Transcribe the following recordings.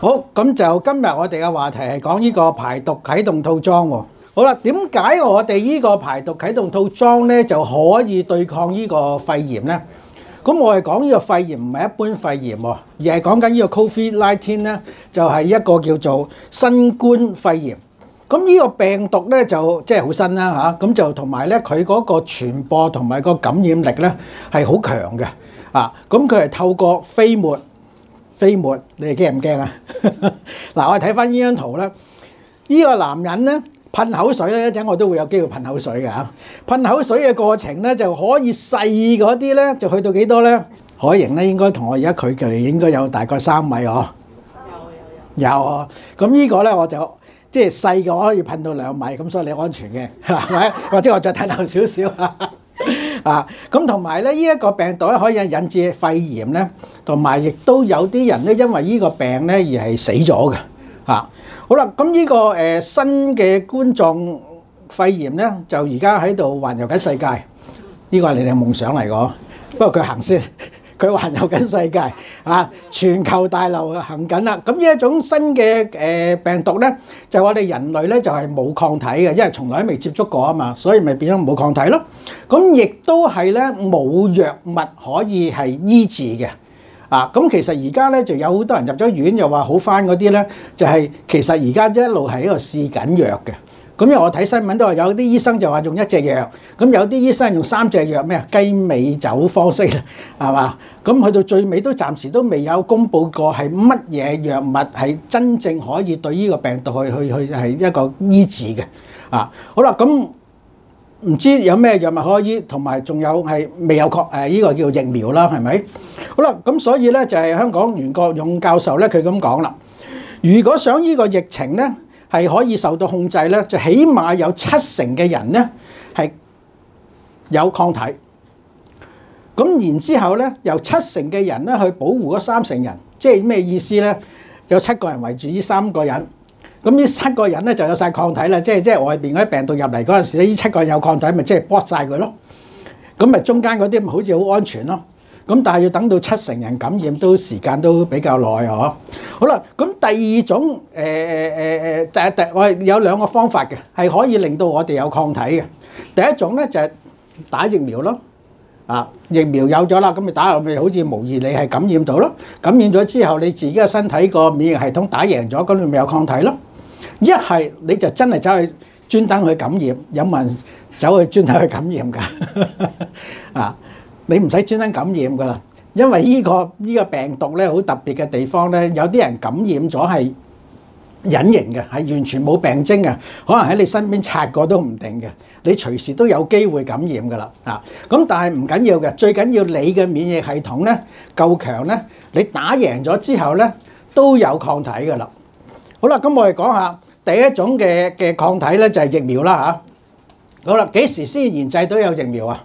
好，咁就今日我哋嘅話題係講呢個排毒啟動套裝喎。好啦，點解我哋呢個排毒啟動套裝咧就可以對抗呢個肺炎咧？咁我係講呢個肺炎唔係一般肺炎喎，而係講緊呢個 Covid nineteen 咧，就係一個叫做新冠肺炎。咁呢個病毒咧就即係好新啦吓，咁就同埋咧佢嗰個傳播同埋個感染力咧係好強嘅啊。咁佢係透過飛沫。飛沫，你哋驚唔驚啊？嗱， 我哋睇翻呢張圖咧，呢、呢個男人咧噴口水咧，一陣我都會有機會噴口水嘅嚇、啊。噴口水嘅過程咧就可以細嗰啲咧，就去到幾多咧？海型咧應該同我而家距離應該有大概三米哦、啊。有有有。咁、啊、呢個咧我就即係細嘅我可以噴到兩米，咁所以你安全嘅，係 咪？或者我再退後少少啊，咁同埋咧，依一個病毒咧可以引致肺炎咧，同埋亦都有啲人咧因為依個病咧而係死咗嘅。嚇，好啦，咁依個誒新嘅冠狀肺炎咧就而家喺度環遊緊世界，依個係你哋嘅夢想嚟嘅，不過佢行先。佢環遊緊世界，啊，全球大流行緊啦！咁呢一種新嘅誒病毒呢，就我哋人類呢就係冇抗體嘅，因為從來都未接觸過啊嘛，所以咪變咗冇抗體咯。咁亦都係呢冇藥物可以係醫治嘅。啊，咁其實而家呢就有好多人入咗院又話好返嗰啲呢，就係其實而家一路係喺度試緊藥嘅。咁因為我睇新聞都話有啲醫生就話用一隻藥，咁有啲醫生用三隻藥咩啊雞尾酒方式啦，係嘛？咁去到最尾都暫時都未有公布過係乜嘢藥物係真正可以對呢個病毒去去去係一個醫治嘅啊！好啦，咁唔知有咩藥物可以，同埋仲有係未有確誒呢個叫疫苗啦，係咪？好啦，咁所以呢就係香港袁國勇教授呢佢咁講啦，如果想呢個疫情呢，係可以受到控制咧，就起碼有七成嘅人咧係有抗體，咁然之後咧，由七成嘅人咧去保護嗰三成人，即係咩意思咧？有七個人圍住呢三個人，咁呢七個人咧就有晒抗體啦，即係即係外邊嗰啲病毒入嚟嗰陣時咧，呢七個人有抗體，咪即係 block 晒佢咯。咁咪中間嗰啲好似好安全咯。咁但係要等到七成人感染都時間都比較耐嗬。好啦，咁第二種誒誒誒誒，第第我係有兩個方法嘅，係可以令到我哋有抗體嘅。第一種咧就係打疫苗咯，啊疫苗有咗啦，咁你打落去好似模擬你係感染到咯。感染咗之後，你自己嘅身體個免疫系統打贏咗，咁你咪有抗體咯。一係你就真係走去專登去感染，有冇人走去專登去感染㗎？啊！你唔使專登感染噶啦，因為呢個呢個病毒咧好特別嘅地方咧，有啲人感染咗係隱形嘅，係完全冇病徵嘅，可能喺你身邊擦過都唔定嘅，你隨時都有機會感染噶啦啊！咁但係唔緊要嘅，最緊要你嘅免疫系統咧夠強咧，你打贏咗之後咧都有抗體噶啦。好啦，咁我哋講下第一種嘅嘅抗體咧就係疫苗啦嚇。好啦，幾時先研製到有疫苗啊？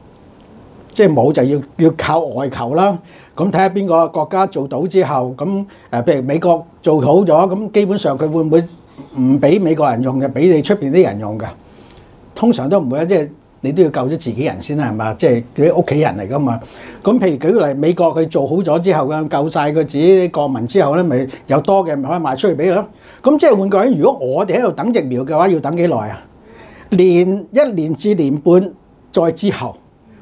即係冇就要要靠外求啦，咁睇下邊個國家做到之後，咁誒譬如美國做好咗，咁基本上佢會唔會唔俾美國人用嘅，俾你出面啲人用嘅？通常都唔會啊，即係你都要救咗自己人先啦，係嘛？即係啲屋企人嚟噶嘛。咁譬如舉例美國佢做好咗之後嘅，救曬佢自己國民之後咧，咪有多嘅咪可以賣出去俾佢咯。咁即係換句話，如果我哋喺度等疫苗嘅話，要等幾耐啊？年一年至年半，再之後。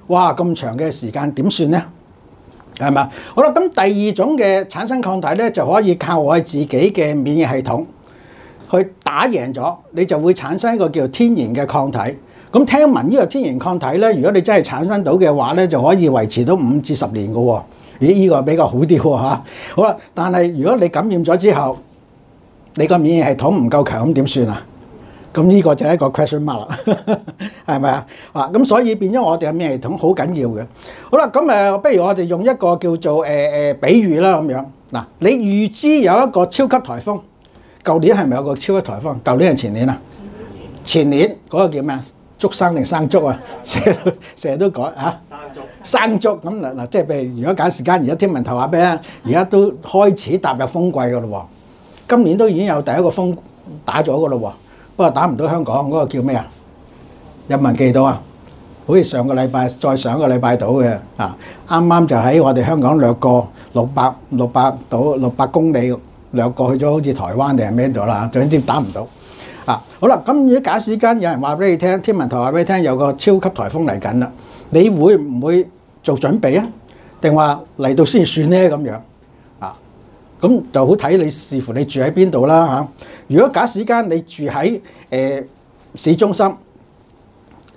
哇！咁長嘅時間點算呢？係嘛？好啦，咁第二種嘅產生抗體呢，就可以靠我哋自己嘅免疫系統去打贏咗，你就會產生一個叫天然嘅抗體。咁聽聞呢個天然抗體呢，如果你真係產生到嘅話呢，就可以維持到五至十年嘅喎。咦，呢個比較好啲喎。吓，好啦，但係如果你感染咗之後，你個免疫系統唔夠強，咁點算啊？咁、這、呢個就係一個 question mark 啦，係咪啊？啊咁，所以變咗我哋嘅咩系統好緊要嘅。好啦，咁誒，不如我哋用一個叫做誒誒比喻啦咁樣。嗱，你預知有一個超級颱風，舊年係咪有個超級颱風？舊年定前年啊？前年嗰個叫咩啊？竹生定生竹啊？成日都改嚇。生竹。生竹咁嗱嗱，即係譬如，如果揀時間，而家天文台話咩啊？而家都開始踏入風季嘅咯喎，今年都已經有第一個風打咗嘅咯喎。不過打唔到香港嗰個叫咩啊？有冇人記到啊？好似上個禮拜再上一個禮拜到嘅啊，啱啱就喺我哋香港掠過六百六百到六百公里掠過去咗，好似台灣定係咩度啦？總之打唔到啊！好啦，咁如果假使間有人話俾你聽，天文台話俾你聽有個超級颱風嚟緊啦，你會唔會做準備啊？定話嚟到先算呢咁樣？咁就好睇你視乎你住喺邊度啦嚇。如果假使間你住喺誒市中心，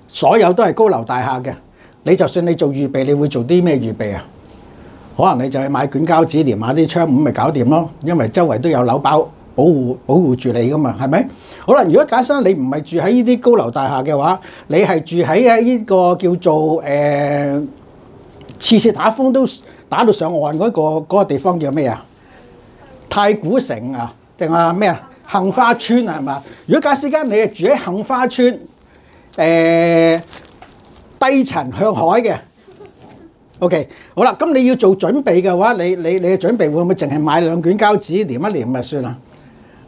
所有都係高樓大廈嘅，你就算你做預備，你會做啲咩預備啊？可能你就係買卷膠紙，連買啲窗戶咪搞掂咯。因為周圍都有樓包保護保護住你㗎嘛，係咪？好啦，如果假使你唔係住喺呢啲高樓大廈嘅話，你係住喺喺呢個叫做誒次次打風都打到上岸嗰個嗰個地方叫咩啊？太古城啊，定話咩啊？杏花村啊，係嘛？如果假使間你係住喺杏花村，誒、呃、低層向海嘅，OK，好啦，咁你要做準備嘅話，你你你嘅準備會唔會淨係買兩卷膠紙粘一粘咪算啦？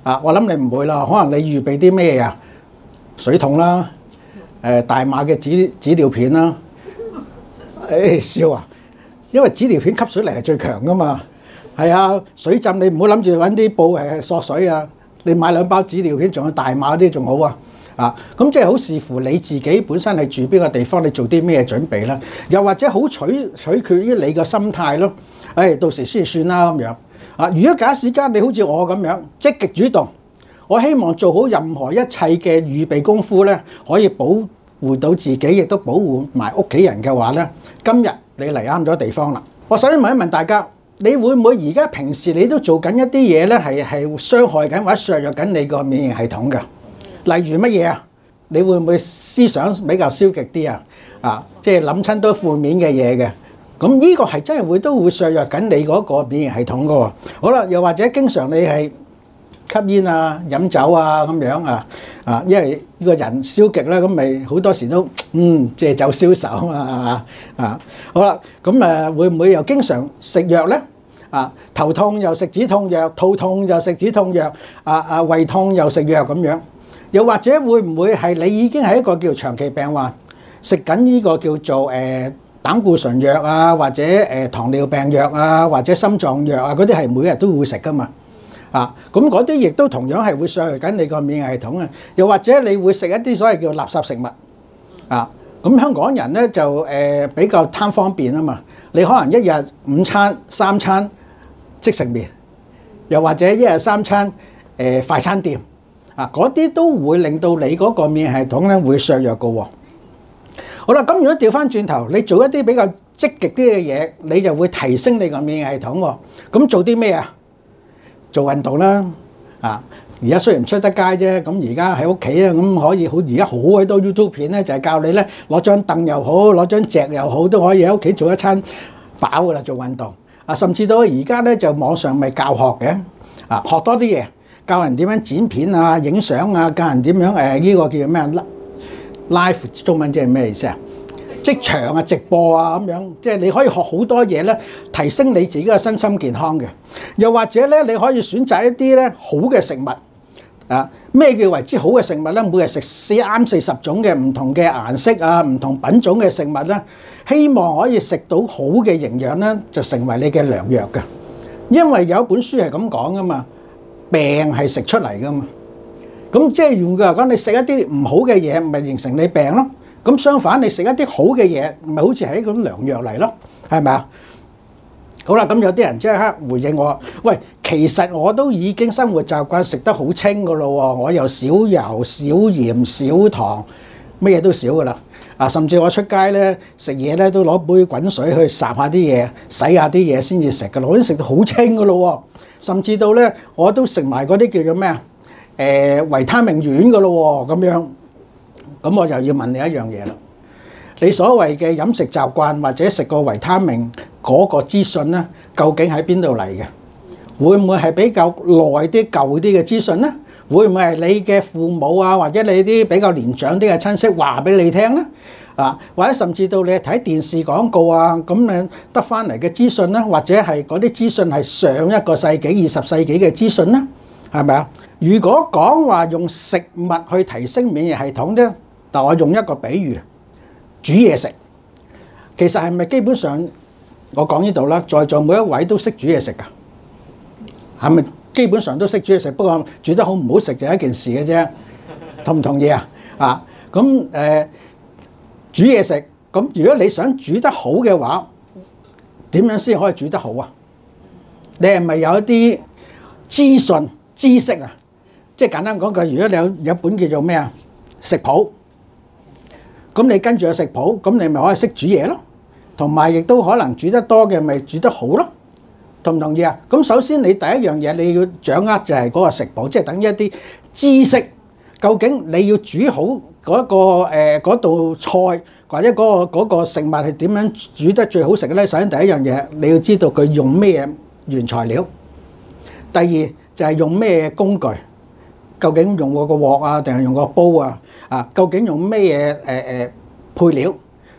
啊，我諗你唔會啦，可能你預備啲咩啊？水桶啦，誒、呃、大碼嘅紙紙尿片啦，誒、哎、笑啊，因為紙尿片吸水力係最強噶嘛。係啊，水浸你唔好諗住揾啲布係索水啊！你買兩包紙尿片，仲有大碼啲仲好啊啊！咁即係好視乎你自己本身係住邊個地方，你做啲咩準備啦？又或者好取取決於你個心態咯。誒、哎，到時先算啦咁樣啊！如果假使間你好似我咁樣積極主動，我希望做好任何一切嘅預備功夫呢，可以保護到自己，亦都保護埋屋企人嘅話呢。今日你嚟啱咗地方啦！我想問一問大家。你會唔會而家平時你都做緊一啲嘢咧？係係傷害緊或者削弱緊你個免疫系統噶例如乜嘢啊？你會唔會思想比較消極啲啊？啊，即係諗親都負面嘅嘢嘅？咁呢個係真係會都會削弱緊你嗰個免疫系統噶好啦，又或者經常你係吸煙啊、飲酒啊咁樣啊啊，因為呢個人消極啦，咁咪好多時都嗯借酒消愁啊嘛啊好啦，咁誒會唔會又經常食藥咧？啊！頭痛又食止痛藥，肚痛又食止痛藥，啊啊胃痛又食藥咁樣，又或者會唔會係你已經係一個叫長期病患，食緊呢個叫做誒膽固醇藥啊，或者誒糖尿病藥啊，或者心臟藥啊，嗰啲係每日都會食㗎嘛？啊，咁嗰啲亦都同樣係會傷害緊你個免疫系統啊！又或者你會食一啲所謂叫垃圾食物啊？咁香港人呢就誒比較貪方便啊嘛，你可能一日五餐三餐。即食麵，又或者一日三餐誒快餐店啊，嗰啲都會令到你嗰個免疫系統咧會削弱嘅喎。好啦，咁如果調翻轉頭，你做一啲比較積極啲嘅嘢，你就會提升你個免疫系統喎。咁做啲咩啊？做運動啦啊！而家雖然唔出得街啫，咁而家喺屋企啊，咁可以好而家好鬼多 YouTube 片咧，就係教你咧攞張凳又好，攞張席又好，都可以喺屋企做一餐飽嘅啦，做運動。啊，甚至到而家咧就網上咪教學嘅，啊學多啲嘢，教人點樣剪片啊、影相啊，教人點樣誒呢，呢個叫做咩？live 中文即係咩意思啊？即場啊、直播啊咁樣，即係你可以學好多嘢咧，提升你自己嘅身心健康嘅。又或者咧，你可以選擇一啲咧好嘅食物。咩叫為之好嘅食物咧？每日食四啱四十種嘅唔同嘅顏色啊，唔同品種嘅食物咧，希望可以食到好嘅營養咧，就成為你嘅良藥噶。因為有一本書係咁講噶嘛，病係食出嚟噶嘛。咁即係換句話嚟講，你食一啲唔好嘅嘢，咪形成你病咯。咁相反，你食一啲好嘅嘢，咪好似係一種良藥嚟咯，係咪啊？好啦，咁有啲人即刻回應我：喂，其實我都已經生活習慣食得好清噶啦，我又少油、少鹽、少糖，乜嘢都少噶啦。啊，甚至我出街呢，食嘢呢都攞杯滾水去霎下啲嘢，洗下啲嘢先至食噶咯。我已經食得好清噶啦，甚至到呢，我都食埋嗰啲叫做咩啊？誒、呃、維他命丸噶啦，咁樣，咁我就要問你一樣嘢啦。你所謂嘅飲食習慣或者食個維他命？嗰個資訊咧，究竟喺邊度嚟嘅？會唔會係比較耐啲、舊啲嘅資訊咧？會唔會係你嘅父母啊，或者你啲比較年長啲嘅親戚話俾你聽咧？啊，或者甚至到你睇電視廣告啊，咁樣得翻嚟嘅資訊咧，或者係嗰啲資訊係上一個世紀、二十世紀嘅資訊咧，係咪啊？如果講話用食物去提升免疫系統咧，但，我用一個比喻，煮嘢食，其實係咪基本上？我講呢度啦，在座每一位都識煮嘢食㗎，係咪？基本上都識煮嘢食，不過煮得好唔好食就一件事嘅啫。同唔同意啊？啊，咁、呃、誒煮嘢食，咁如果你想煮得好嘅話，點樣先可以煮得好啊？你係咪有一啲資訊知識啊？即係簡單講句，如果你有有一本叫做咩啊食譜，咁你跟住個食譜，咁你咪可以識煮嘢咯。同埋亦都可能煮得多嘅咪煮得好咯，同唔同意啊？咁首先你第一樣嘢你要掌握就係嗰個食譜，即係等於一啲知識。究竟你要煮好嗰個誒嗰道菜，或者嗰個嗰個食物係點樣煮得最好食咧？首先第一樣嘢你要知道佢用咩嘢原材料，第二就係用咩嘢工具。究竟用嗰個鑊啊，定係用個煲啊？啊，究竟用咩嘢誒誒配料？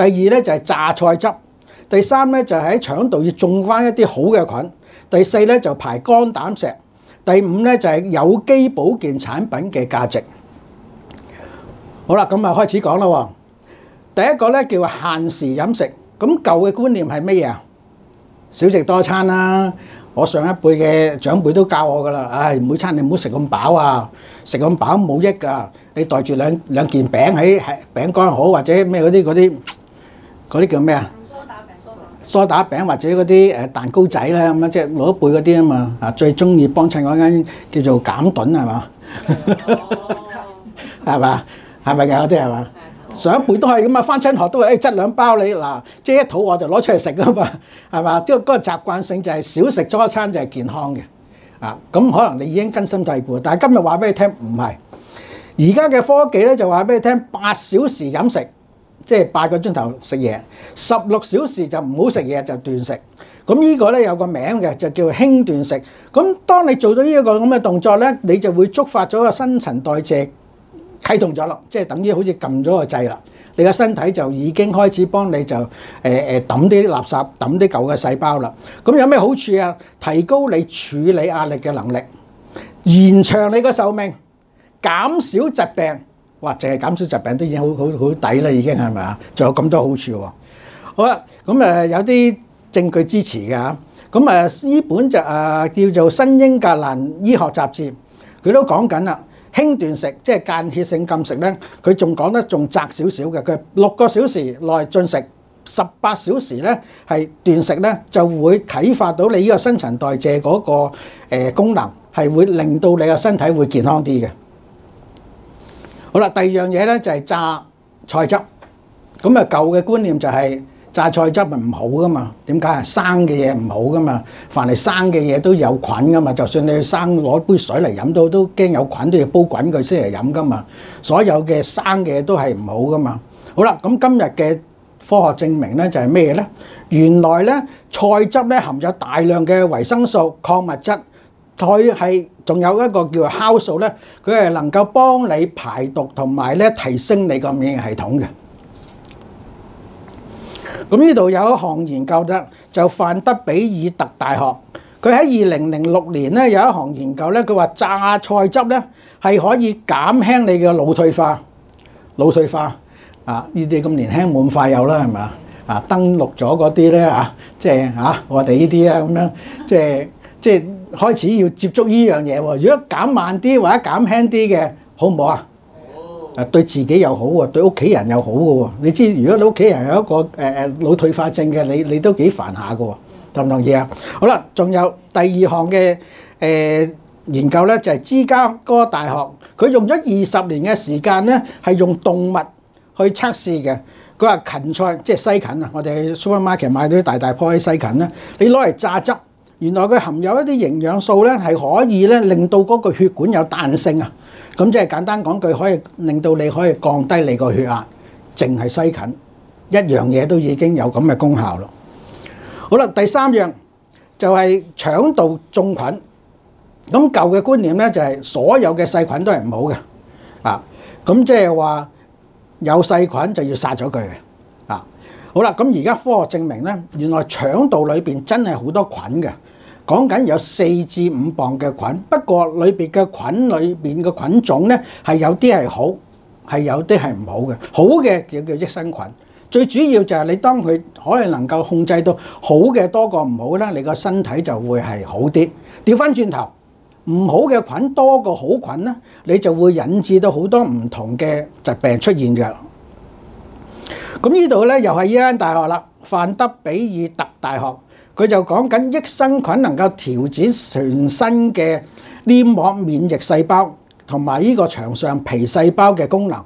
第二咧就係榨菜汁，第三咧就係喺腸度要種翻一啲好嘅菌，第四咧就排肝膽石，第五咧就係有機保健產品嘅價值。好啦，咁啊開始講啦。第一個咧叫限時飲食。咁舊嘅觀念係咩嘢？少食多餐啦。我上一輩嘅長輩都教我噶啦。唉，每餐你唔好食咁飽啊，食咁飽冇益噶。你袋住兩兩件餅喺係餅乾好，或者咩嗰啲嗰啲。嗰啲叫咩啊？梳打餅、梳打餅或者嗰啲誒蛋糕仔咧，咁樣即係老一輩嗰啲啊嘛，啊最中意幫襯嗰間叫做嘉頓係嘛，係嘛，係咪有嗰啲係嘛？上一輩都係咁啊，返親學都會誒質兩包你嗱，即係一肚餓就攞出嚟食啊嘛，係嘛？即係嗰個習慣性就係少食咗一餐就係健康嘅啊。咁可能你已經根深蒂固，但係今日話俾你聽唔係，而家嘅科技咧就話俾你聽八小時飲食。即係八個鐘頭食嘢，十六小時就唔好食嘢就斷食。咁呢個呢，有個名嘅就叫輕斷食。咁當你做咗呢一個咁嘅動作呢，你就會觸發咗個新陳代謝啟動咗咯，即係等於好似撳咗個掣啦。你個身體就已經開始幫你就誒誒抌啲垃圾、抌啲舊嘅細胞啦。咁有咩好處啊？提高你處理壓力嘅能力，延長你個壽命，減少疾病。哇！淨係減少疾病都已經好好好抵啦，已經係咪啊？仲有咁多好處喎。好啦，咁誒有啲證據支持嘅嚇。咁誒呢本就誒叫做《新英格蘭醫學雜誌》，佢都講緊啦，輕斷食即係間歇性禁食咧。佢仲講得仲窄少少嘅，佢六個小時內進食，十八小時咧係斷食咧，就會啟發到你呢個新陳代謝嗰個誒功能，係會令到你個身體會健康啲嘅。好啦，第二樣嘢咧就係榨菜汁，咁啊舊嘅觀念就係榨菜汁係唔好噶嘛？點解啊？生嘅嘢唔好噶嘛？凡係生嘅嘢都有菌噶嘛？就算你去生攞杯水嚟飲都都驚有菌都要煲滾佢先嚟飲噶嘛？所有嘅生嘅嘢都係唔好噶嘛？好啦，咁今日嘅科學證明咧就係咩咧？原來咧菜汁咧含有大量嘅維生素、礦物質。佢係仲有一個叫做酵素咧，佢係能夠幫你排毒同埋咧提升你個免疫系統嘅。咁呢度有一項研究啫，就范德比爾特大學，佢喺二零零六年咧有一項研究咧，佢話榨菜汁咧係可以減輕你嘅腦退化、腦退化啊！呢啲咁年輕冇咁快有啦，係咪啊？登錄咗嗰啲咧啊，即係嚇我哋呢啲啊咁樣即係。即係開始要接觸呢樣嘢喎，如果減慢啲或者減輕啲嘅，好唔好啊？啊對自己又好喎，對屋企人又好嘅喎。你知如果你屋企人有一個誒誒腦退化症嘅，你你都幾煩下嘅喎，同唔同意啊？好啦，仲有第二項嘅誒研究咧，就係芝加哥大學，佢用咗二十年嘅時間咧，係用動物去測試嘅。佢話芹菜即係西芹啊，我哋喺 Supermarket 買到啲大大棵嘅西芹咧，你攞嚟榨汁。原來佢含有一啲營養素咧，係可以咧令到嗰個血管有彈性啊！咁即係簡單講句，可以令到你可以降低你個血壓，淨係西芹一樣嘢都已經有咁嘅功效咯。好啦，第三樣就係腸道種菌。咁舊嘅觀念咧就係所有嘅細菌都係唔好嘅啊！咁即係話有細菌就要殺咗佢嘅啊！好啦，咁而家科學證明咧，原來腸道裏邊真係好多菌嘅。講緊有四至五磅嘅菌，不過裏邊嘅菌裏邊嘅菌種呢，係有啲係好，係有啲係唔好嘅。好嘅叫叫益生菌，最主要就係你當佢可能能夠控制到好嘅多過唔好咧，你個身體就會係好啲。調翻轉頭，唔好嘅菌多過好菌呢，你就會引致到好多唔同嘅疾病出現嘅。咁呢度呢，又係呢間大學啦，范德比爾特大學。佢就講緊益生菌能夠調節全身嘅黏膜免疫細胞同埋呢個腸上皮細胞嘅功能。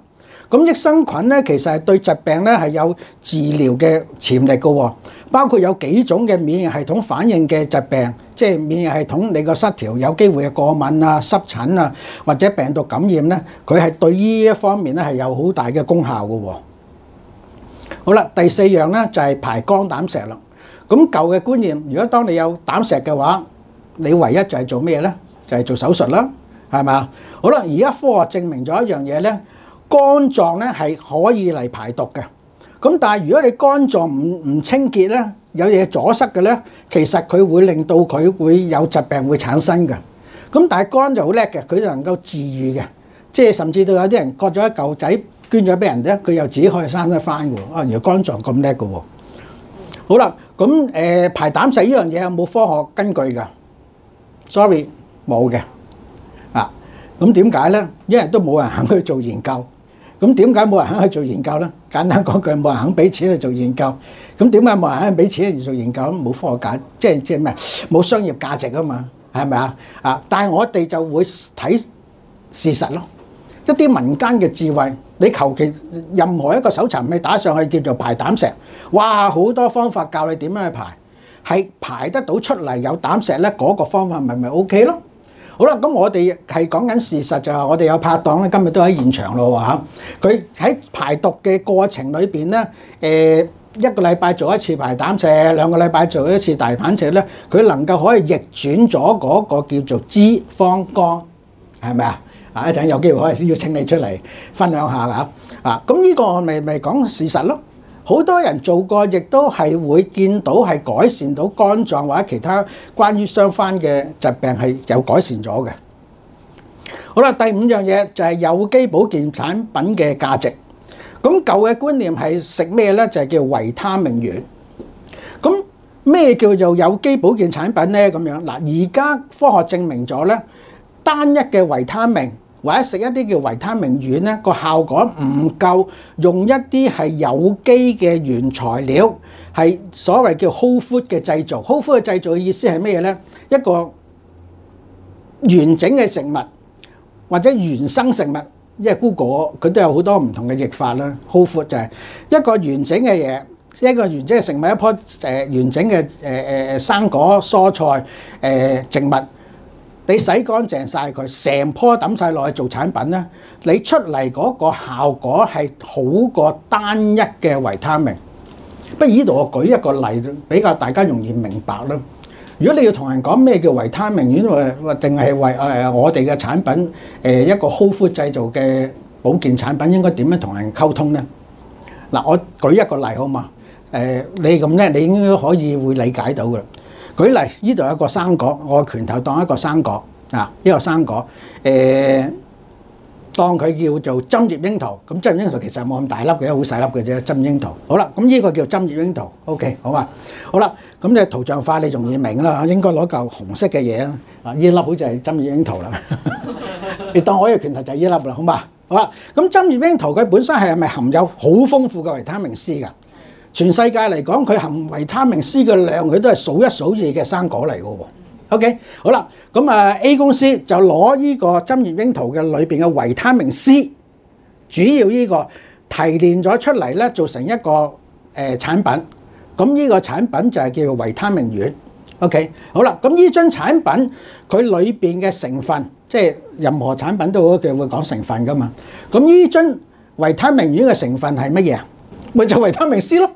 咁益生菌呢，其實係對疾病呢係有治療嘅潛力嘅，包括有幾種嘅免疫系統反應嘅疾病，即係免疫系統你個失調，有機會過敏啊、濕疹啊或者病毒感染呢，佢係對呢一方面呢係有好大嘅功效嘅。好啦，第四樣呢就係排肝膽石啦。咁舊嘅觀念，如果當你有膽石嘅話，你唯一就係做咩呢？就係做手術啦，係嘛？好啦，而家科學證明咗一樣嘢呢，肝臟呢係可以嚟排毒嘅。咁但係如果你肝臟唔唔清潔呢，有嘢阻塞嘅呢，其實佢會令到佢會有疾病會產生嘅。咁但係肝就好叻嘅，佢就能夠治癒嘅，即係甚至到有啲人割咗一嚿仔捐咗俾人啫，佢又自己可以生得翻嘅。啊，原來肝臟咁叻嘅。好啦。咁排膽石呢樣嘢有冇科學根據㗎？Sorry，冇嘅啊！咁點解咧？因為都冇人肯去做研究。咁點解冇人肯去做研究咧？簡單講句，冇人肯俾錢去做研究。咁點解冇人肯俾錢去做研究？冇科學解，即係即係咩？冇商業價值啊嘛，係咪啊？啊！但係我哋就會睇事實咯。一啲民間嘅智慧，你求其任何一個搜尋咪打上去叫做排膽石，哇！好多方法教你點樣去排，係排得到出嚟有膽石呢嗰、那個方法咪咪 O K 咯。好啦，咁我哋係講緊事實就係、是、我哋有拍檔咧，今日都喺現場咯喎吓。佢喺排毒嘅過程裏面呢，一個禮拜做一次排膽石，兩個禮拜做一次大膽石呢，佢能夠可以逆轉咗嗰個叫做脂肪肝，係咪啊？啊！一陣有機會可以先要請你出嚟分享下啦～啊，咁呢個咪咪講事實咯。好多人做過，亦都係會見到係改善到肝臟或者其他關於相關嘅疾病係有改善咗嘅。好啦，第五樣嘢就係有機保健產品嘅價值。咁舊嘅觀念係食咩呢？就係叫維他命丸。咁咩叫做有機保健產品呢？咁樣嗱，而家科學證明咗呢，單一嘅維他命。或者食一啲叫維他命丸呢個效果唔夠，用一啲係有機嘅原材料，係所謂叫 whole food 嘅製造。whole food 嘅製造嘅意思係咩嘢呢？一個完整嘅食物，或者原生食物，即係蔬果，佢都有好多唔同嘅譯法啦。whole food 就係一個完整嘅嘢，一個完整嘅食物，一樖誒完整嘅誒誒生果、蔬菜誒植物。你洗乾淨晒佢，成棵抌晒落去做產品咧，你出嚟嗰個效果係好過單一嘅維他命。不如呢度我舉一個例比較大家容易明白囉。如果你要同人講咩叫維他命，或者話定係為誒我哋嘅產品誒一個 whole food 製造嘅保健產品應該點樣同人溝通呢？嗱，我舉一個例好嘛？誒，你咁咧，你應該可以會理解到㗎。舉例，呢度有一個生果，我拳頭當一個生果啊！一個生果，誒，當佢叫做針葉櫻桃。咁針葉櫻桃其實冇咁大粒嘅，好細粒嘅啫。針葉櫻桃，好啦，咁呢個叫針葉櫻桃。OK，好嘛？好啦，咁你圖像化你容易明啦，應該攞嚿紅色嘅嘢啦。啊，呢粒好似係針葉櫻桃啦，你當我嘅拳頭就係呢粒啦，好嘛？好啦，咁針葉櫻桃佢本身係咪含有好豐富嘅維他命 C 㗎？全世界嚟講，佢含維他命 C 嘅量，佢都係數一數二嘅生果嚟嘅。OK，好啦，咁啊 A 公司就攞呢個針葉櫻桃嘅裏邊嘅維他命 C，主要呢個提煉咗出嚟咧，做成一個誒產品。咁呢個產品就係叫做維他命丸。OK，好啦，咁呢樽產品佢裏邊嘅成分，即係任何產品都嘅會講成分噶嘛。咁呢樽維他命丸嘅成分係乜嘢啊？咪就維他命 C 咯。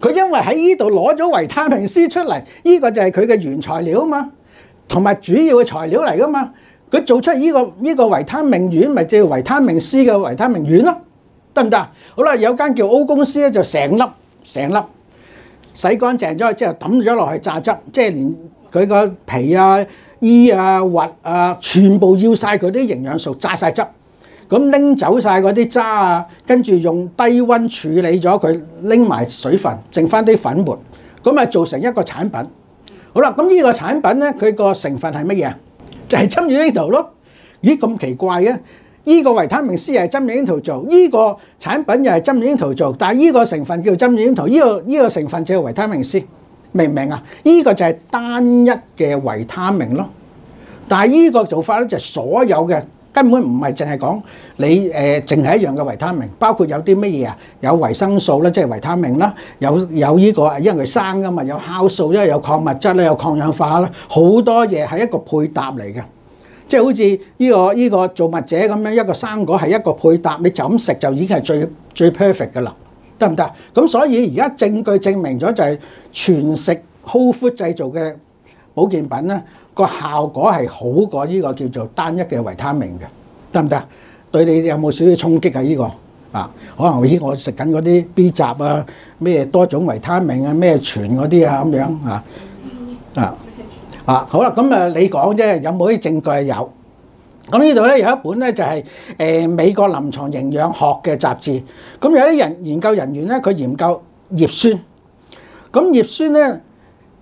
佢因為喺呢度攞咗維他命 C 出嚟，呢個就係佢嘅原材料啊嘛，同埋主要嘅材料嚟噶嘛。佢做出呢個呢個維他命丸，咪就係維他命 C 嘅維他命丸咯，得唔得？好啦，有間叫 O 公司咧，就成粒成粒洗乾淨咗之後，抌咗落去榨汁，即係連佢個皮啊、衣啊、核啊，全部要晒佢啲營養素，榨晒汁。咁拎走曬嗰啲渣啊，跟住用低溫處理咗佢，拎埋水分，剩翻啲粉末，咁啊做成一個產品。好啦，咁、這、呢個產品咧，佢個成分係乜嘢啊？就係針葉櫻桃咯。咦，咁奇怪嘅？呢、這個維他命 C 又係針葉櫻桃做，呢、這個產品又係針葉櫻桃做，但係呢個成分叫針葉櫻桃，呢、這個呢、這個成分就係維他命 C，明唔明啊？呢、這個就係單一嘅維他命咯。但係呢個做法咧就係所有嘅。根本唔係淨係講你誒，淨係一樣嘅維他命，包括有啲乜嘢啊？有維生素啦，即係維他命啦，有有呢個，因為佢生噶嘛，有酵素，因為有礦物質啦，有抗氧化啦，好多嘢係一個配搭嚟嘅。即係好似呢個呢個造物者咁樣，一個生果係一個配搭，你就咁食就已經係最最 perfect 噶啦，得唔得？咁所以而家證據證明咗就係全食 whole food 製造嘅保健品咧。個效果係好過呢個叫做單一嘅維他命嘅，得唔得？對你有冇少少衝擊啊？呢個啊，可能我依我食緊嗰啲 B 雜啊，咩多種維他命啊，咩全嗰啲啊咁樣啊啊啊！好啦，咁啊你講啫，有冇啲證據啊？有。咁呢度咧有一本咧就係誒美國臨床營養學嘅雜誌，咁有啲人研究人員咧佢研究葉酸，咁葉酸咧。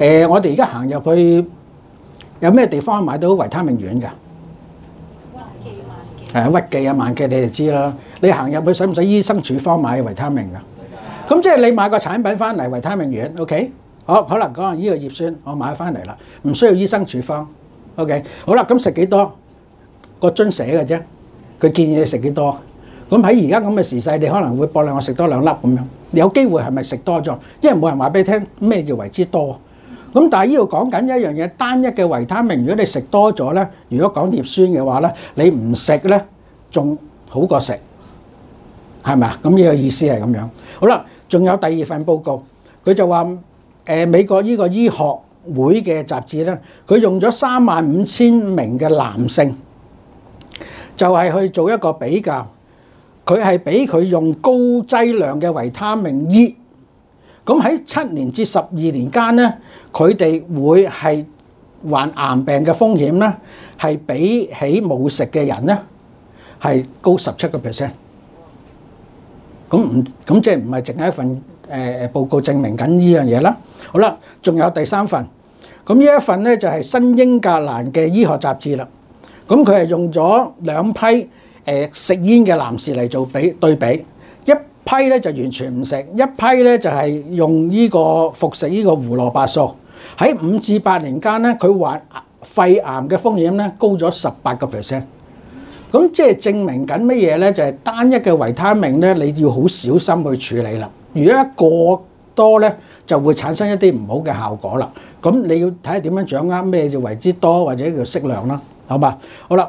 誒，我哋而家行入去有咩地方買到維他命丸㗎？屈記啊，萬記。誒，屈記啊，萬記，你哋知啦。你行入去使唔使醫生處方買維他命㗎？唔使。咁即係你買個產品翻嚟維他命丸，OK？好，可能講下呢個葉酸，我買咗翻嚟啦，唔需要醫生處方。OK？好啦，咁食幾多？個樽寫嘅啫，佢建議你食幾多。咁喺而家咁嘅時勢，你可能會搏量我食多兩粒咁樣。有機會係咪食多咗？因為冇人話俾你聽咩叫為之多。咁但係呢度講緊一樣嘢，單一嘅維他命，如果你食多咗呢，如果講葉酸嘅話呢，你唔食呢仲好過食，係咪啊？咁呢個意思係咁樣。好啦，仲有第二份報告，佢就話誒美國呢個醫學會嘅雜誌呢，佢用咗三萬五千名嘅男性，就係去做一個比較，佢係俾佢用高劑量嘅維他命 E，咁喺七年至十二年間呢。佢哋會係患癌病嘅風險咧，係比起冇食嘅人咧，係高十七個 percent。咁唔咁即係唔係淨係一份誒報告證明緊呢樣嘢啦？好啦，仲有第三份。咁呢一份咧就係新英格蘭嘅醫學雜誌啦。咁佢係用咗兩批誒食煙嘅男士嚟做比對比。一批咧就完全唔食，一批咧就係用呢個服食呢個胡蘿蔔素喺五至八年間咧，佢患肺癌嘅風險咧高咗十八個 percent。咁即係證明緊乜嘢咧？就係單一嘅維他命咧，你要好小心去處理啦。如果過多咧，就會產生一啲唔好嘅效果啦。咁你要睇下點樣掌握咩就為之多或者叫適量啦。好嘛，好啦。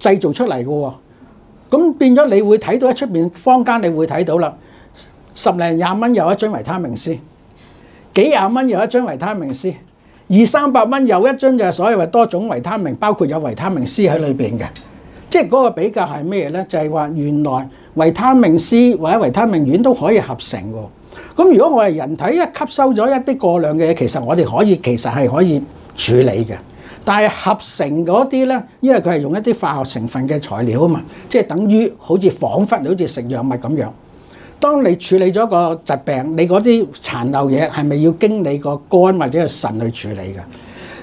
製造出嚟嘅喎，咁變咗你會睇到喺出面坊間，你會睇到啦，十零廿蚊有一樽維他命 C，幾廿蚊有一樽維他命 C，二三百蚊有一樽就係所謂話多種維他命，包括有維他命 C 喺裏面嘅，即係嗰個比較係咩呢？就係話原來維他命 C 或者維他命丸都可以合成嘅。咁如果我係人體一吸收咗一啲過量嘅嘢，其實我哋可以其實係可以處理嘅。但係合成嗰啲呢，因為佢係用一啲化學成分嘅材料啊嘛，即係等於好似彷彿你好似食藥物咁樣。當你處理咗個疾病，你嗰啲殘留嘢係咪要經你個肝或者個腎去處理嘅？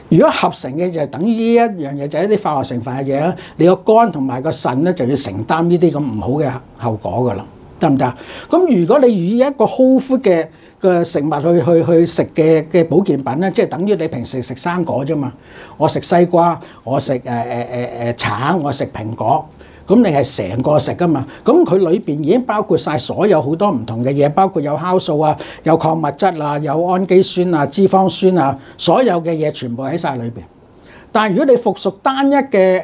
如果合成嘅就等於呢一樣嘢，就係一啲化學成分嘅嘢咧，你個肝同埋個腎呢，就要承擔呢啲咁唔好嘅後果噶啦，得唔得？咁如果你以一個 whole food 嘅，個食物去去去食嘅嘅保健品咧，即係等於你平時食生果啫嘛。我食西瓜，我食誒誒誒誒橙，我食蘋果，咁你係成個食噶嘛。咁佢裏邊已經包括晒所有好多唔同嘅嘢，包括有酵素啊，有礦物質啊，有氨基酸啊，脂肪酸啊，所有嘅嘢全部喺晒裏邊。但係如果你服屬單一嘅，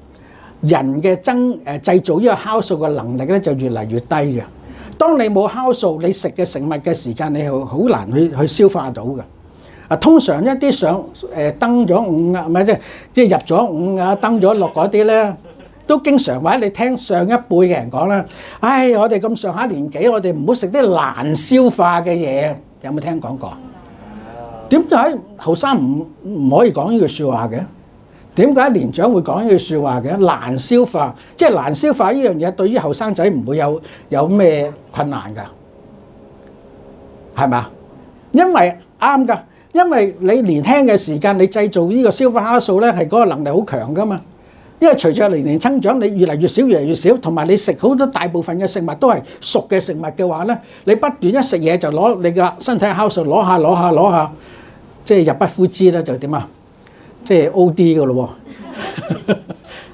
人嘅增誒製造呢個酵素嘅能力咧就越嚟越低嘅。當你冇酵素，你食嘅食物嘅時間，你係好難去去消化到嘅。啊，通常一啲上誒登咗五啊，唔係即係即係入咗五啊，登咗六嗰啲咧，都經常話你聽上一輩嘅人講啦。唉，我哋咁上下年紀，我哋唔好食啲難消化嘅嘢。有冇聽講過？點解後生唔唔可以講呢句説話嘅？點解年長會講呢句説話嘅？難消化，即係難消化呢樣嘢，對於後生仔唔會有有咩困難㗎？係咪啊？因為啱㗎，因為你年輕嘅時間，你製造呢個消化酵素咧，係嗰個能力好強㗎嘛。因為隨著年齡增長，你越嚟越少，越嚟越少，同埋你食好多大部分嘅食物都係熟嘅食物嘅話咧，你不斷一食嘢就攞你個身體酵素攞下攞下攞下，即係入不敷支咧，就點啊？即係 OD 嘅咯喎，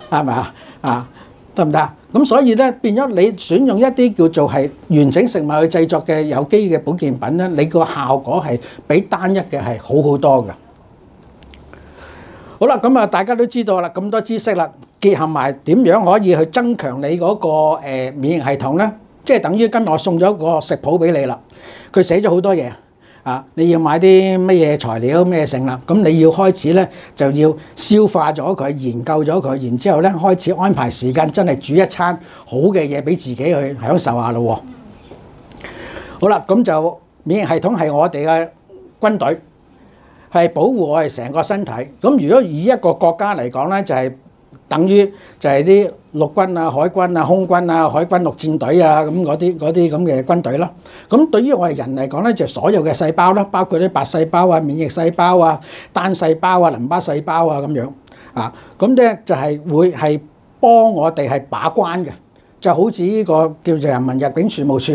係咪啊？啊，得唔得？咁所以咧，變咗你選用一啲叫做係完整食物去製作嘅有機嘅保健品咧，你個效果係比單一嘅係好好多㗎。好啦，咁啊，大家都知道啦，咁多知識啦，結合埋點樣可以去增強你嗰個誒免疫系統咧？即係等於今日我送咗個食譜俾你啦，佢寫咗好多嘢。啊！你要買啲乜嘢材料咩性啦？咁你要開始呢，就要消化咗佢，研究咗佢，然之後呢，開始安排時間，真係煮一餐好嘅嘢俾自己去享受下咯。好啦，咁就免疫系統係我哋嘅軍隊，係保護我哋成個身體。咁如果以一個國家嚟講呢，就係。等於就係啲陸軍啊、海軍啊、空軍啊、海軍陸戰隊啊，咁嗰啲嗰啲咁嘅軍隊咯。咁對於我哋人嚟講呢，就所有嘅細胞啦，包括啲白細胞啊、免疫細胞啊、單細胞啊、淋巴細胞啊咁樣啊。咁呢就係會係幫我哋係把關嘅，就好似呢個叫做人民入境事務處，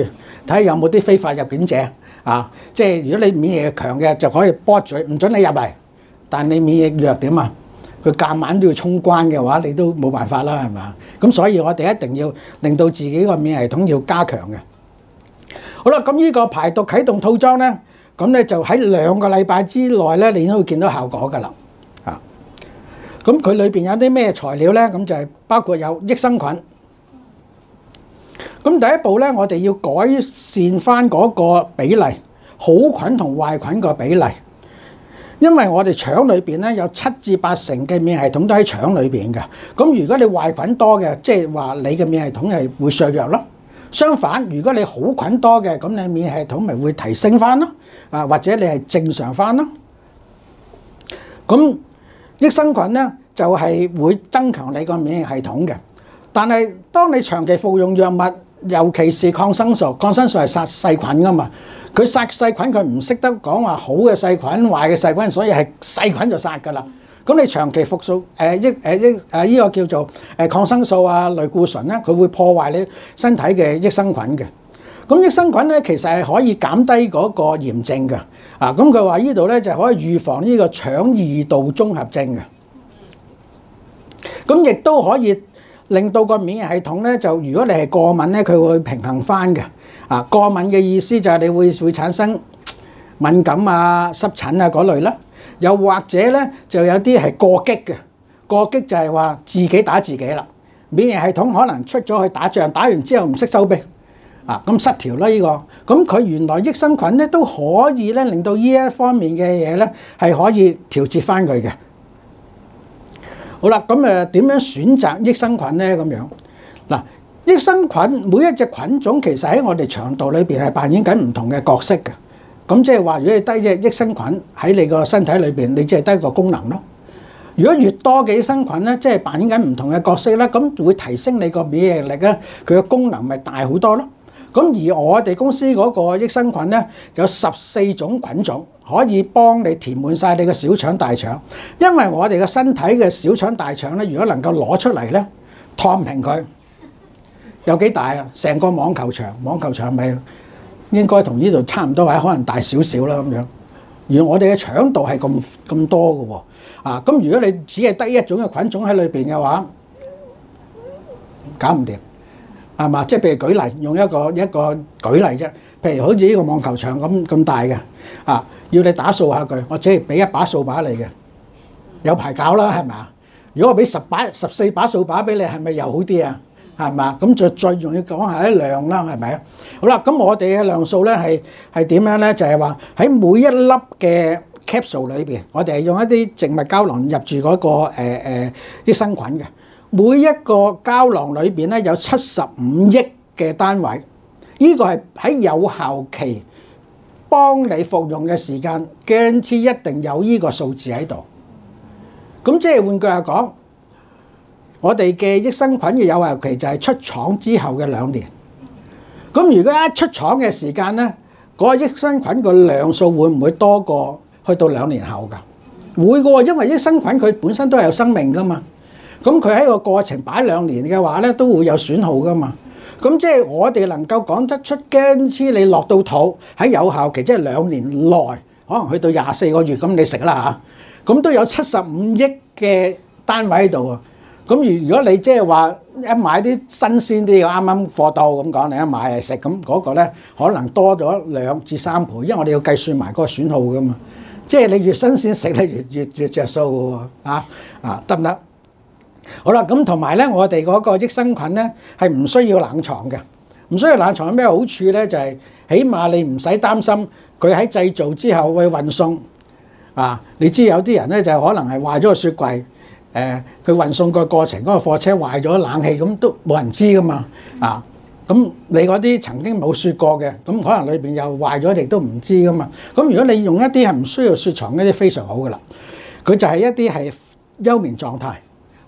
睇下有冇啲非法入境者啊。即係如果你免疫強嘅，就可以攞嘴唔准你入嚟，但你免疫弱點啊。佢夾晚都要衝關嘅話，你都冇辦法啦，係嘛？咁所以我哋一定要令到自己個免疫系統要加強嘅。好啦，咁呢個排毒啟動套裝呢，咁呢就喺兩個禮拜之內呢，你都會見到效果㗎啦。啊，咁佢裏邊有啲咩材料呢？咁就係包括有益生菌。咁第一步呢，我哋要改善翻嗰個比例，好菌同壞菌個比例。因為我哋腸裏邊咧有七至八成嘅免疫系統都喺腸裏邊嘅，咁如果你壞菌多嘅，即係話你嘅免疫系統係會削弱咯。相反，如果你好菌多嘅，咁你免疫系統咪會提升翻咯啊，或者你係正常翻咯。咁益生菌呢，就係會增強你個免疫系統嘅，但係當你長期服用藥物。尤其是抗生素，抗生素係殺細菌㗎嘛？佢殺細菌，佢唔識得講話好嘅細菌、壞嘅細菌，所以係細菌就殺㗎啦。咁你長期服數誒益誒益誒呢個叫做誒抗生素啊類固醇咧，佢會破壞你身體嘅益生菌嘅。咁益生菌咧其實係可以減低嗰個炎症㗎。啊，咁佢話呢度咧就可以預防呢個腸異道綜合症嘅。咁亦都可以。令到個免疫系統咧，就如果你係過敏咧，佢會平衡翻嘅。啊，過敏嘅意思就係你會會產生敏感啊、濕疹啊嗰類啦。又或者咧，就有啲係過激嘅。過激就係話自己打自己啦。免疫系統可能出咗去打仗，打完之後唔識收兵啊，咁失調啦呢個。咁佢原來益生菌咧都可以咧，令到呢一方面嘅嘢咧係可以調節翻佢嘅。好啦，咁誒點樣選擇益生菌咧？咁樣嗱，益生菌每一隻菌種其實喺我哋腸道裏邊係扮演緊唔同嘅角色嘅。咁即係話，如果你低隻益生菌喺你個身體裏邊，你只係低個功能咯。如果越多嘅益生菌咧，即係扮演緊唔同嘅角色咧，咁會提升你個免疫力咧，佢嘅功能咪大好多咯。咁而我哋公司嗰個益生菌咧，有十四種菌種可以幫你填滿晒你嘅小腸大腸，因為我哋嘅身體嘅小腸大腸咧，如果能夠攞出嚟咧，熨平佢，有幾大啊？成個網球場。網球場咪應該同呢度差唔多，或者可能大少少啦咁樣。而我哋嘅腸道係咁咁多嘅喎，啊，咁如果你只係得一種嘅菌種喺裏邊嘅話，搞唔掂。係嘛？即係譬如舉例，用一個一個舉例啫。譬如好似呢個網球場咁咁大嘅，啊，要你打掃下佢，我只係俾一把掃把嚟嘅，有排搞啦，係咪啊？如果我俾十把、十四把掃把俾你，係咪又好啲啊？係嘛？咁就最重要講下一量啦，係咪啊？好啦，咁我哋嘅量數咧係係點樣咧？就係話喺每一粒嘅 capsule 裏邊，我哋係用一啲植物膠囊入住嗰個誒誒益生菌嘅。每一個膠囊裏邊咧有七十五億嘅單位，呢個係喺有效期幫你服用嘅時間，驚知一定有呢個數字喺度。咁即係換句話講，我哋嘅益生菌嘅有效期就係出廠之後嘅兩年。咁如果一出廠嘅時間咧，嗰個益生菌嘅量數會唔會多過去到兩年後噶？會嘅喎，因為益生菌佢本身都係有生命噶嘛。咁佢喺個過程擺兩年嘅話呢，都會有損耗噶嘛。咁即係我哋能夠講得出，姜絲你落到肚喺有效期，即係兩年內，可能去到廿四個月咁，你食啦嚇。咁都有七十五億嘅單位喺度啊。咁如如果你即係話一買啲新鮮啲嘅，啱啱貨到咁講，你一買嚟食咁嗰個呢，可能多咗兩至三倍，因為我哋要計算埋個損耗噶嘛。即係你越新鮮食你，越越越著數嘅喎。啊啊，得唔得？好啦，咁同埋呢，我哋嗰個益生菌呢，係唔需要冷藏嘅。唔需要冷藏有咩好處呢？就係起碼你唔使擔心佢喺製造之後會運送啊。你知有啲人呢，就可能係壞咗個雪櫃，誒佢運送個過程嗰個貨車壞咗冷氣，咁都冇人知噶嘛啊。咁你嗰啲曾經冇雪過嘅，咁可能裏邊又壞咗，你都唔知噶嘛。咁如果你用一啲係唔需要雪藏一啲，非常好噶啦。佢就係一啲係休眠狀態。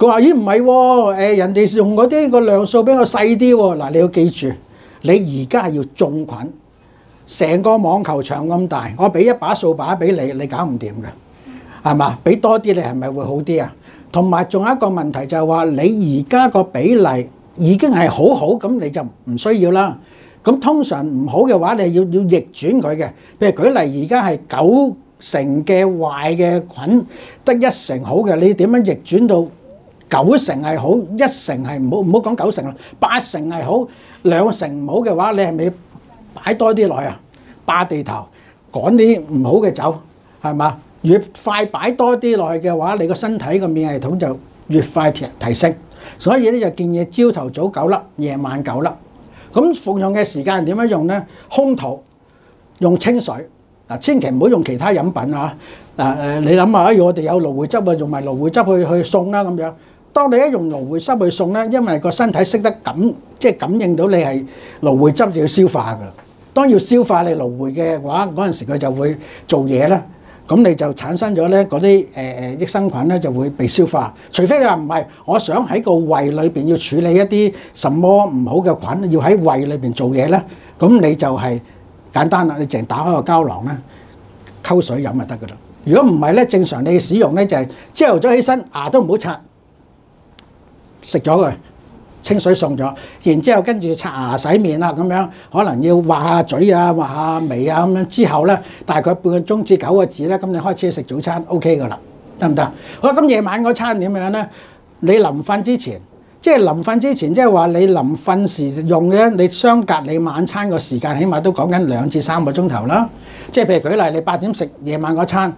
佢話咦唔係喎，誒人哋用嗰啲個量數比較細啲喎。嗱你要記住，你而家係要種菌，成個網球場咁大，我俾一把掃把俾你，你搞唔掂嘅，係嘛？俾多啲你係咪會好啲啊？同埋仲有一個問題就係話，你而家個比例已經係好好咁，你就唔需要啦。咁通常唔好嘅話，你要要逆轉佢嘅。譬如舉例，而家係九成嘅壞嘅菌，得一成好嘅，你點樣逆轉到？九成係好，一成係唔好，唔好講九成啦，八成係好，兩成唔好嘅話，你係咪擺多啲落去啊？霸地頭，趕啲唔好嘅走，係嘛？越快擺多啲落去嘅話，你個身體個免疫系統就越快提提升。所以咧就建議朝頭早九粒，夜晚九粒。咁服用嘅時間點樣用咧？空肚用清水嗱，千祈唔好用其他飲品啊！嗱誒，你諗下，如果我哋有蘆薈汁啊，用埋蘆薈汁去去送啦咁樣。當你一用蘆薈汁去送咧，因為個身體識得感，即係感應到你係蘆薈汁就要消化噶。當要消化你蘆薈嘅話，嗰陣時佢就會做嘢咧。咁你就產生咗咧嗰啲誒誒益生菌咧，就會被消化。除非你話唔係，我想喺個胃裏邊要處理一啲什麼唔好嘅菌，要喺胃裏邊做嘢咧，咁你就係簡單啦，你凈打開個膠囊咧，溝水飲就得噶啦。如果唔係咧，正常你使用咧就係朝頭早起身牙都唔好刷，食咗佢清水送咗，然之後跟住刷牙洗面啦，咁樣可能要畫下嘴啊、畫下眉啊咁樣。之後呢，大概半個鐘至九個字呢，咁你開始去食早餐，OK 㗎喇，得唔得？好啦，咁夜晚嗰餐點樣呢？你臨瞓之前，即係臨瞓之前，即係話你臨瞓時用嘅，你相隔你晚餐個時間，起碼都講緊兩至三個鐘頭啦。即係譬如舉例，你八點食夜晚嗰餐，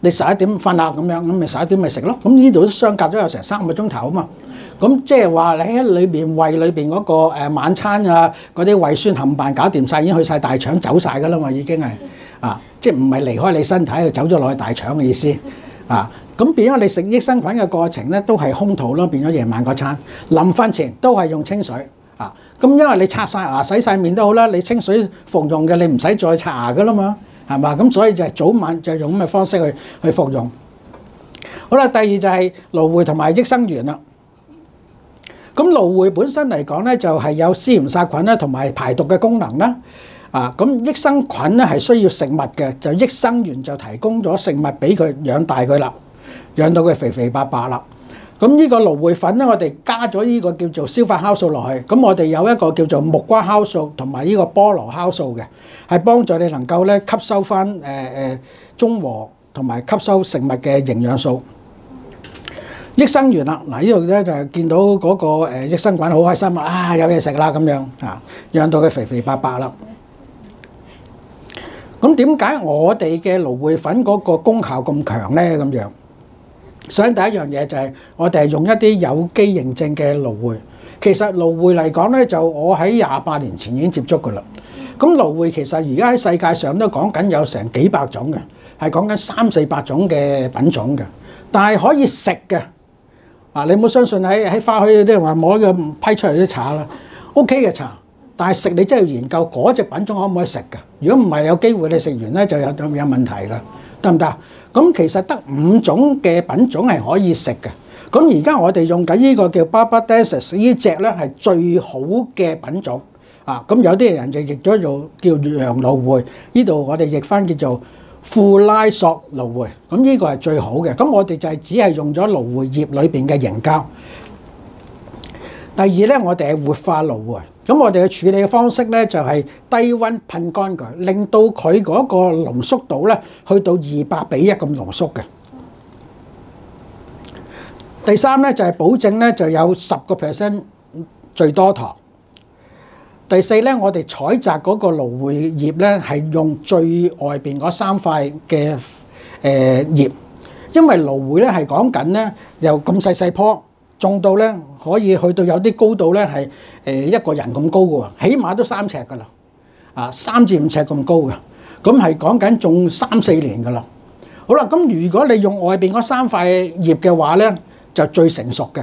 你十一點瞓覺咁樣咁，咪十一點咪食咯。咁呢度都相隔咗有成三個鐘頭啊嘛。咁即係話你喺裏邊胃裏邊嗰個晚餐啊，嗰啲胃酸冚唪唥搞掂晒，已經去晒大腸走晒㗎啦嘛，已經係啊，即係唔係離開你身體，走咗落去大腸嘅意思啊。咁變咗你食益生菌嘅過程咧，都係空肚咯，變咗夜晚個餐臨瞓前都係用清水啊。咁因為你刷晒牙、洗晒面都好啦，你清水服用嘅，你唔使再刷牙㗎啦嘛，係嘛？咁所以就係早晚就用咁嘅方式去去服用。好啦，第二就係蘆薈同埋益生元啦。咁蘆薈本身嚟講呢，就係有消炎殺菌呢，同埋排毒嘅功能啦。啊，咁益生菌呢係需要食物嘅，就益生元就提供咗食物俾佢養大佢啦，養到佢肥肥白白啦。咁呢個蘆薈粉呢，我哋加咗呢個叫做消化酵素落去。咁我哋有一個叫做木瓜酵素同埋呢個菠蘿酵素嘅，係幫助你能夠呢吸收返誒誒中和同埋吸收食物嘅營養素。益生元啦，嗱呢度咧就係見到嗰個誒益生菌好開心啊！啊有嘢食啦咁樣啊，養到佢肥肥白白啦。咁點解我哋嘅蘆薈粉嗰個功效咁強咧？咁樣首先第一樣嘢就係我哋係用一啲有機認證嘅蘆薈。其實蘆薈嚟講咧，就我喺廿八年前已經接觸噶啦。咁蘆薈其實而家喺世界上都講緊有成幾百種嘅，係講緊三四百種嘅品種嘅，但係可以食嘅。嗱，你唔好相信喺喺花墟啲人話摸嘅批出嚟啲茶啦，O K 嘅茶，但係食你真係要研究嗰隻品種可唔可以食㗎？如果唔係有機會你食完咧就有有問題啦，得唔得？咁其實得五種嘅品種係可以食嘅。咁而家我哋用緊呢個叫 Barbadensis 呢隻咧係最好嘅品種。啊，咁有啲人就譯咗做叫，叫羊蘆薈。呢度我哋譯返叫做庫拉索蘆薈，咁呢個係最好嘅。咁我哋就係只係用咗蘆薈葉裏邊嘅凝膠。第二呢，我哋係活化蘆薈。咁我哋嘅處理嘅方式呢，就係低溫噴乾佢，令到佢嗰個濃縮度呢，去到二百比一咁濃縮嘅。第三呢就係保證呢就有十個 percent 最多糖。第四咧，我哋採摘嗰個蘆薈葉咧，係用最外邊嗰三塊嘅誒葉，因為蘆薈咧係講緊咧由咁細細棵，種到咧可以去到有啲高度咧係誒一個人咁高嘅喎，起碼都三尺噶啦，啊三至五尺咁高嘅，咁係講緊種三四年噶啦。好啦，咁如果你用外邊嗰三塊葉嘅話咧，就最成熟嘅。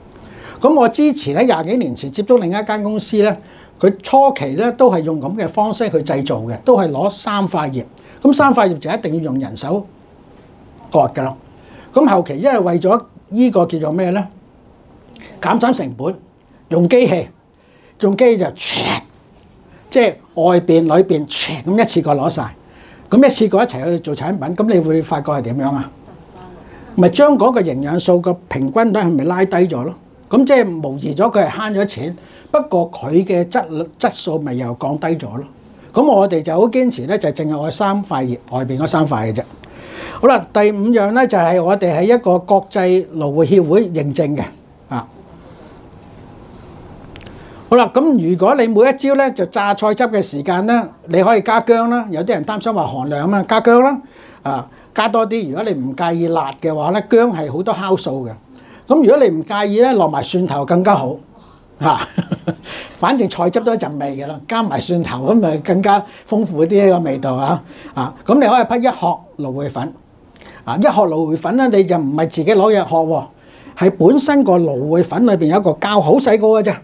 咁我之前喺廿幾年前接觸另一間公司咧，佢初期咧都係用咁嘅方式去製造嘅，都係攞三塊葉。咁三塊葉就一定要用人手割㗎囉。咁後期因為為咗依個叫做咩咧，減省成本，用機器，用機器就切，即係外邊裏邊切咁一次過攞曬，咁一次過一齊去做產品，咁你會發覺係點樣啊？咪將嗰個營養素個平均率係咪拉低咗咯？咁即係模擬咗佢係慳咗錢，不過佢嘅質質素咪又降低咗咯。咁我哋就好堅持咧，就淨係我三塊葉外邊嗰三塊嘅啫。好啦，第五樣咧就係我哋係一個國際農業協會認證嘅啊。好啦，咁如果你每一朝咧就榨菜汁嘅時間咧，你可以加薑啦。有啲人擔心話寒涼啊嘛，加薑啦啊，加多啲。如果你唔介意辣嘅話咧，薑係好多酵素嘅。咁如果你唔介意咧，落埋蒜頭更加好嚇。反正菜汁都一陣味嘅啦，加埋蒜頭咁咪更加豐富啲個味道啊！啊，咁、啊、你可以批一殼蘆薈粉啊！一殼蘆薈粉咧，你就唔係自己攞隻殼喎，係本身個蘆薈粉裏邊有一個膠，好細個嘅啫，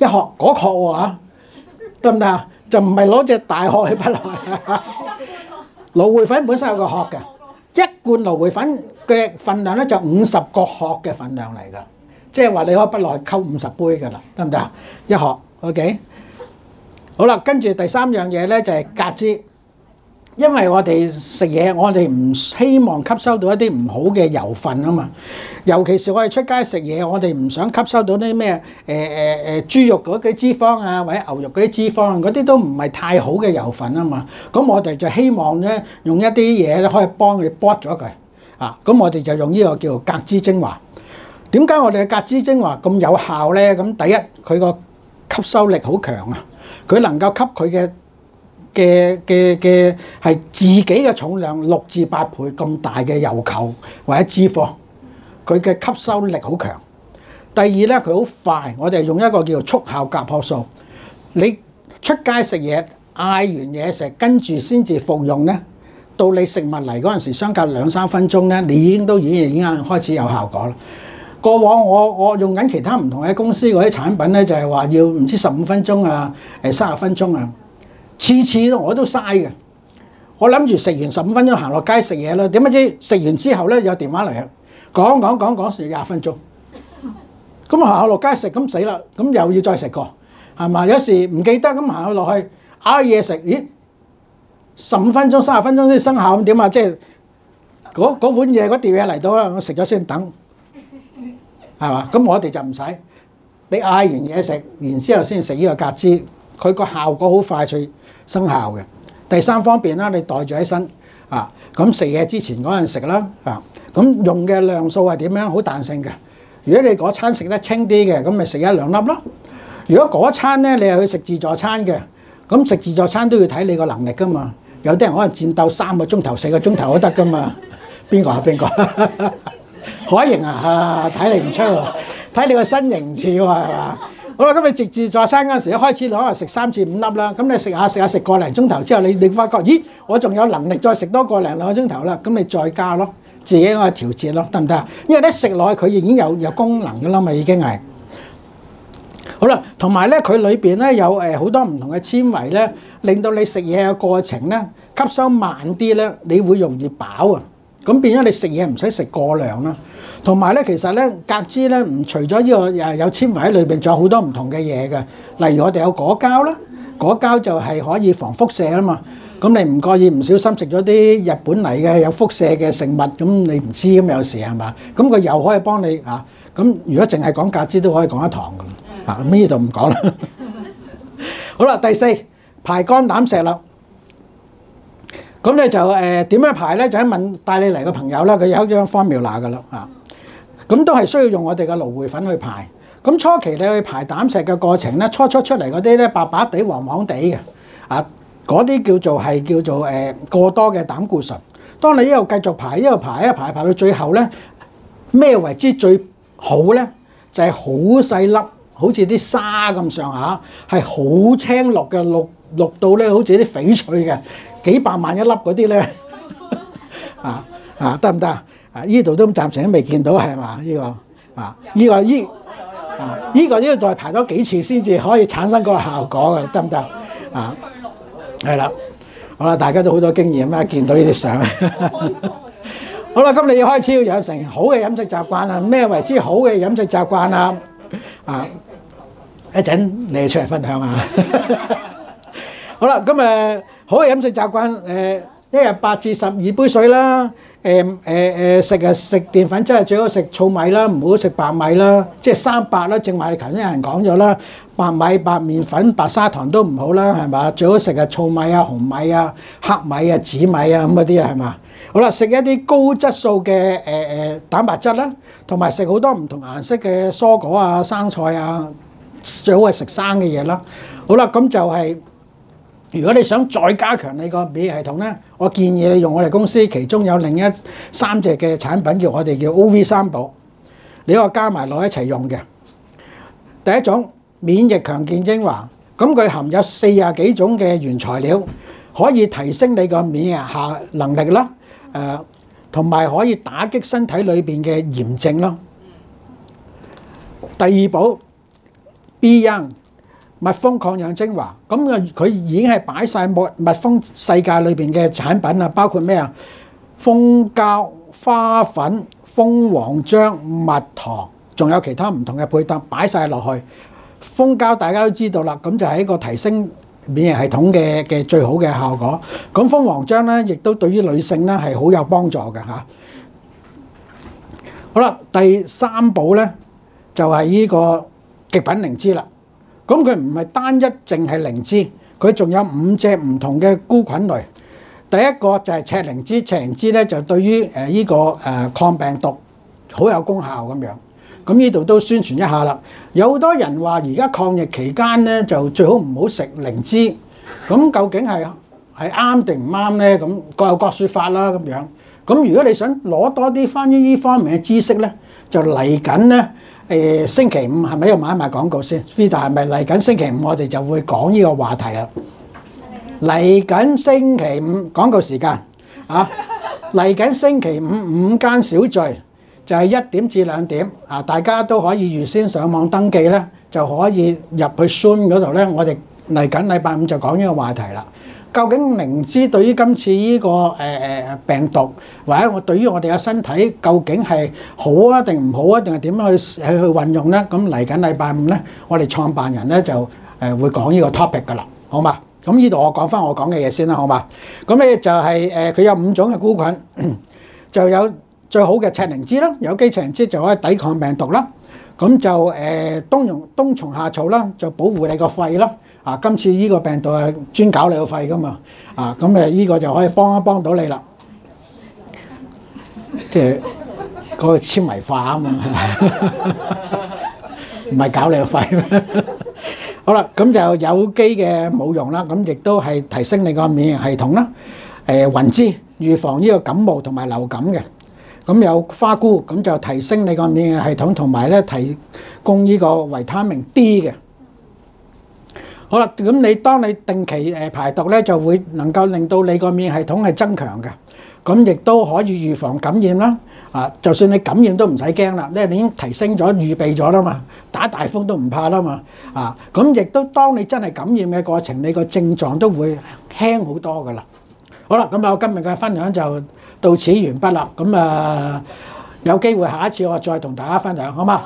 一殼嗰殼喎，得唔得啊？對不對，就唔係攞隻大殼去批落蘆薈粉本身有個殼嘅。半蘆薈粉嘅份量咧，就五十個殼嘅份量嚟噶，即係話你可以不耐購五十杯噶啦，得唔得？啊？一殼，OK，好啦，跟住第三樣嘢咧就係格子。因為我哋食嘢，我哋唔希望吸收到一啲唔好嘅油分啊嘛。尤其是我哋出街食嘢，我哋唔想吸收到啲咩誒誒誒豬肉嗰啲脂肪啊，或者牛肉嗰啲脂肪，嗰啲都唔係太好嘅油分啊嘛。咁我哋就希望咧，用一啲嘢咧可以幫佢哋剝咗佢啊。咁我哋就用呢個叫做隔脂精華。點解我哋嘅隔脂精華咁有效咧？咁第一，佢個吸收力好強啊，佢能夠吸佢嘅。嘅嘅嘅係自己嘅重量六至八倍咁大嘅油球或者脂肪，佢嘅吸收力好強。第二咧，佢好快。我哋用一個叫速效甲殼素。你出街食嘢，嗌完嘢食，跟住先至服用咧，到你食物嚟嗰陣時，相隔兩三分鐘咧，你已經都已經已經開始有效果啦。過往我我用緊其他唔同嘅公司嗰啲產品咧，就係話要唔知十五分鐘啊，誒三十分鐘啊。次次我都嘥嘅，我諗住食完十五分鐘行落街食嘢啦。點不知食完之後咧，有電話嚟啊，講講講講成廿分鐘。咁行下落街食咁死啦，咁又要再食過係嘛？有時唔記得咁行落落去嗌嘢食，咦十五分鐘、三十分鐘先生效咁點啊？即係嗰嗰碗嘢嗰碟嘢嚟到啦，我食咗先等係嘛？咁我哋就唔使你嗌完嘢食，然之後先食呢個格子。佢個效果好快脆生效嘅。第三方面啦，你袋住喺身啊，咁食嘢之前嗰陣食啦啊，咁用嘅量數係點樣？好彈性嘅。如果你嗰餐食得清啲嘅，咁咪食一兩粒咯。如果嗰餐咧，你係去食自助餐嘅，咁食自助餐都要睇你個能力噶嘛。有啲人可能戰鬥三個鐘頭、四個鐘頭都得噶嘛。邊個啊？邊個？海瑩啊？睇你唔出喎，睇你個身形似喎，係嘛？好啦，咁你直至在生嗰時，一開始你可能食三至五粒啦，咁你食下食下食個零鐘頭之後，你你發覺，咦，我仲有能力再食多個零兩個鐘頭啦，咁你再加咯，自己可以調節咯，得唔得啊？因為咧食落去，佢已經有有功能㗎啦嘛，已經係好啦。同埋咧，佢裏邊咧有誒好多唔同嘅纖維咧，令到你食嘢嘅過程咧吸收慢啲咧，你會容易飽啊，咁變咗你食嘢唔使食過量啦。同埋咧，其實咧，膠枝咧唔除咗呢個誒有纖維喺裏邊，仲有好多唔同嘅嘢嘅。例如我哋有果膠啦，果膠就係可以防輻射啊嘛。咁你唔覺意唔小心食咗啲日本嚟嘅有輻射嘅食物，咁你唔知咁有事係嘛？咁佢又可以幫你啊。咁如果淨係講膠枝都可以講一堂㗎啦。啊，呢啲就唔講啦。好啦，第四排肝膽石啦。咁你就誒點樣排咧？就喺問帶你嚟嘅朋友啦，佢有一張 formula 嘅啦啊！咁都係需要用我哋嘅蘆薈粉去排。咁初期你去排膽石嘅過程咧，初初出嚟嗰啲咧，白白地黃黃地嘅啊，嗰啲叫做係叫做誒過多嘅膽固醇。當你一路繼續排，一路排，排一路排，排到最後咧，咩為之最好咧？就係好細粒，好似啲沙咁上下，係好青綠嘅綠。落到咧好似啲翡翠嘅，幾百萬一粒嗰啲咧，啊啊得唔得啊？依度都暫時都未見到係嘛？依個啊依個依啊依個都要再排多幾次先至可以產生嗰個效果嘅，得唔得啊？係啦，好啦，大家都好多經驗啦，見到呢啲相。好啦，今日要開始要養成好嘅飲食習慣啦，咩為之好嘅飲食習慣啊？啊，一陣你哋出嚟分享啊！好啦，咁誒，好嘅飲食習慣，誒、呃，一日八至十二杯水啦，誒誒誒，食啊食澱粉質係最好食糙米啦，唔好食白米啦，即係三白啦，正話你頭先有人講咗啦，白米、白麵粉、白砂糖都唔好啦，係嘛？最好食係糙米啊、紅米啊、黑米啊、紫米啊咁嗰啲啊，係嘛？好啦，食一啲高質素嘅誒誒蛋白質啦，同埋食好多唔同顏色嘅蔬果啊、生菜啊，最好係食生嘅嘢啦。好啦，咁就係、是。如果你想再加強你個免疫系統呢，我建議你用我哋公司其中有另一三隻嘅產品，叫我哋叫 OV 三寶，你可以加埋落一齊用嘅。第一種免疫強健精華，咁佢含有四十幾種嘅原材料，可以提升你個免疫下能力啦。誒，同埋可以打擊身體裏邊嘅炎症啦。第二寶 Beyond。蜜蜂抗氧精華，咁啊佢已經係擺晒蜜蜂世界裏邊嘅產品啊，包括咩啊？蜂膠、花粉、蜂王漿、蜜糖，仲有其他唔同嘅配搭擺晒落去。蜂膠大家都知道啦，咁就係、是、一個提升免疫系統嘅嘅最好嘅效果。咁蜂王漿呢，亦都對於女性呢係好有幫助嘅嚇。好啦，第三步呢，就係、是、呢個極品靈芝啦。咁佢唔係單一淨係靈芝，佢仲有五隻唔同嘅菇菌類。第一個就係赤靈芝，赤靈芝咧就對於誒呢個誒抗病毒好有功效咁樣。咁呢度都宣傳一下啦。有好多人話而家抗疫期間咧就最好唔好食靈芝，咁究竟係係啱定唔啱咧？咁各有各說法啦咁樣。咁如果你想攞多啲關於呢方面嘅知識咧，就嚟緊咧。誒星期五係咪要買一買廣告先？Vida 係咪嚟緊星期五我哋就會講呢個話題啦。嚟緊星期五廣告時間啊！嚟緊星期五五間小聚就係一點至兩點啊！大家都可以預先上網登記咧，就可以入去 Zoom 嗰度咧。我哋嚟緊禮拜五就講呢個話題啦。究竟靈芝對於今次呢個誒誒病毒，或者我對於我哋嘅身體究竟係好啊定唔好啊定係點樣去去去運用呢？咁嚟緊禮拜五呢，我哋創辦人呢就誒會講呢個 topic 㗎喇，好嘛？咁呢度我講返我講嘅嘢先啦，好嘛？咁呢就係誒佢有五種嘅菇菌，就有最好嘅赤靈芝啦，有機赤靈芝就可以抵抗病毒啦。咁就誒冬蟲冬蟲夏草啦，就保護你個肺啦。啊！今次呢個病毒係專搞你個肺噶嘛？啊咁誒，呢個就可以幫一幫到你啦。即係個纖維化啊嘛，唔係搞你個肺咩？好啦，咁就有機嘅冇用啦，咁亦都係提升你個免疫系統啦。誒，雲芝預防呢個感冒同埋流感嘅。咁有花菇，咁就提升你個免疫系統，同埋咧提供呢個維他命 D 嘅。好啦，咁你當你定期誒排毒咧，就會能夠令到你個免疫系統係增強嘅，咁亦都可以預防感染啦。啊，就算你感染都唔使驚啦，因為你已經提升咗、預備咗啦嘛，打大風都唔怕啦嘛。啊，咁亦都當你真係感染嘅過程，你個症狀都會輕好多噶啦。好啦，咁啊，我今日嘅分享就到此完畢啦。咁啊，有機會下一次我再同大家分享，好嘛？